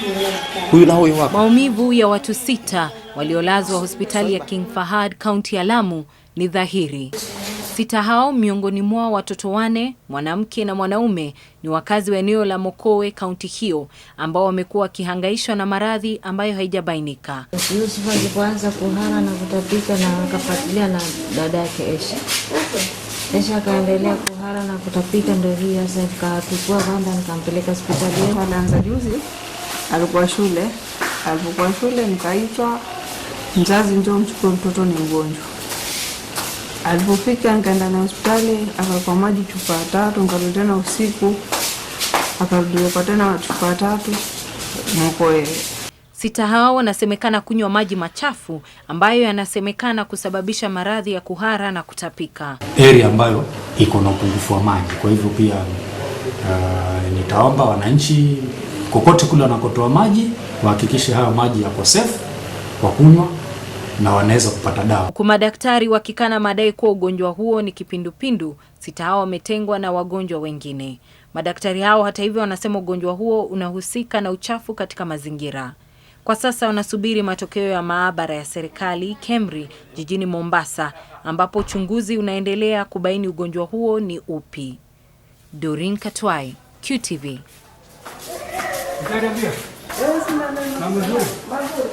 Huyu huyu na wapi? Maumivu ya watu sita waliolazwa hospitali ya King Fahad kaunti ya Lamu ni dhahiri. Sita hao miongoni mwao watoto wane, mwanamke na mwanaume, ni wakazi wa eneo la Mokowe kaunti hiyo ambao wamekuwa wakihangaishwa na maradhi ambayo haijabainika. Yusuf alipoanza kuhara na kutapika na akafuatilia na dada yake Esha. Esha akaendelea kuhara na kutapika, ndio hii sasa nikachukua kwamba nikampeleka hospitali. Anaanza juzi alikuwa shule. Alipokuwa shule, nikaitwa mzazi, ndio mchukue mtoto, ni mgonjwa. Alipofika nikaenda na hospitali, akaka maji chupa tatu, nkarudi tena usiku, akarudiwekwa tena chupa tatu mkoe Sita hao wanasemekana kunywa maji machafu ambayo yanasemekana kusababisha maradhi ya kuhara na kutapika, area ambayo iko na upungufu wa maji. Kwa hivyo pia uh, nitaomba wananchi kokote kule wanakotoa maji wahakikishe hayo maji yako safe kwa kunywa na wanaweza kupata dawa. Kwa madaktari wakikana madai kuwa ugonjwa huo ni kipindupindu, sita hao wametengwa na wagonjwa wengine. Madaktari hao hata hivyo wanasema ugonjwa huo unahusika na uchafu katika mazingira. Kwa sasa wanasubiri matokeo ya maabara ya serikali KEMRI jijini Mombasa, ambapo uchunguzi unaendelea kubaini ugonjwa huo ni upi. Dorin Katwai, QTV. Italia, Vamos lá.